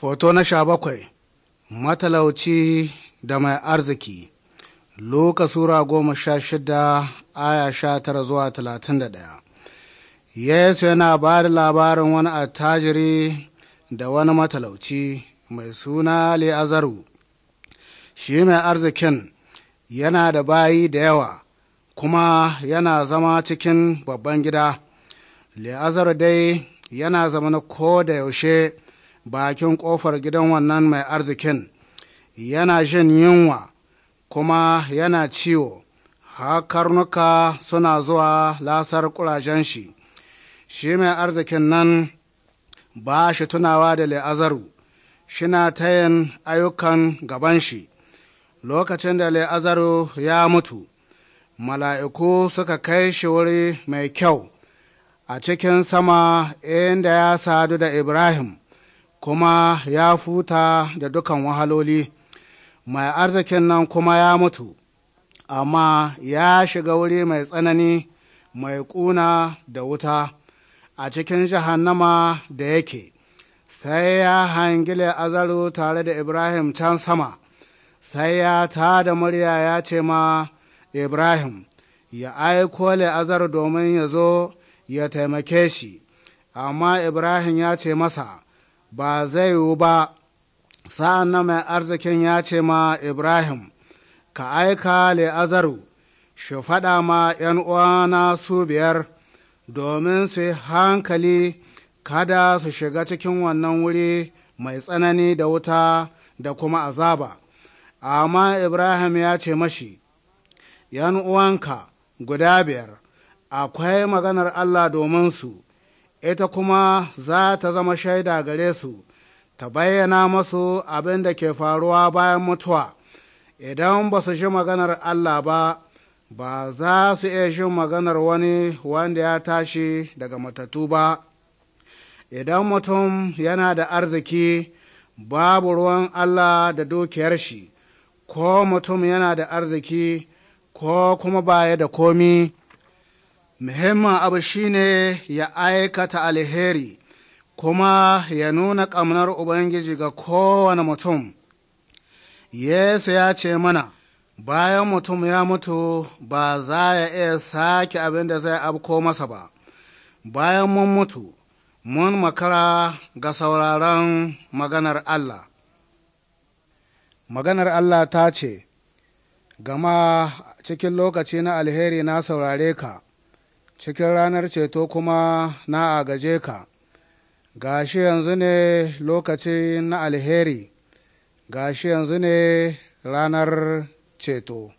Foto na sha bakwai Matalauci da mai arziki Luka Sura goma sha shida aya sha tara zuwa talatin da ɗaya. Yesu yana ba da labarin wani attajiri da wani matalauci mai suna Le'azaru. Shi mai arzikin yana da bayi da yawa kuma yana zama cikin babban gida. Le'azaru dai yana zama na ko da yaushe. bakin ƙofar gidan wannan mai arzikin yana jin yunwa kuma yana ciwo karnuka suna zuwa lasar ƙurajen shi shi mai arzikin nan ba shi tunawa da le'azaru shina tayin ayyukan gaban shi lokacin da le'azaru ya mutu mala'iku suka kai shi wuri mai kyau a cikin sama inda ya sadu da ibrahim kuma ya futa da dukan wahaloli, mai arzikin nan kuma ya mutu, amma ya shiga wuri mai tsanani mai ƙuna da wuta a cikin jahannama da yake, sai ya hangile azaru tare da Ibrahim can sama, sai ya ta da murya ya ce ma Ibrahim, ya aiko azaru domin ya zo ya taimake shi, amma Ibrahim ya ce masa, ba zai yiwu ba sa'an na mai arzikin ya ce ma ibrahim ka aika le'azaru shi faɗa ma ’yan uwana su biyar domin su hankali kada su shiga cikin wannan wuri mai tsanani da wuta da kuma azaba amma ibrahim ya ce mashi ’yan uwanka guda biyar akwai maganar allah domin su ita kuma za ta zama shaida gare su, ta bayyana masu abin da ke faruwa bayan mutuwa, idan ba su ji maganar Allah ba, ba za su iya jin maganar wani wanda ya tashi daga matattu ba. Idan mutum yana da arziki, babu ruwan Allah da dukiyar shi, ko mutum yana da arziki, ko kuma baya da komi, muhimmin abu shine ya aikata alheri kuma ya nuna ƙamnar ubangiji ga kowane mutum yesu ya ce mana bayan mutum ya mutu ba za ya iya sake abin da zai abko masa ba bayan mun mutu mun makara ga sauraron maganar allah maganar allah ta ce gama cikin lokaci na alheri na saurare ka cikin ranar ceto kuma na a gaje ka, gashi yanzu ne lokaci na alheri, gashi yanzu ne ranar ceto.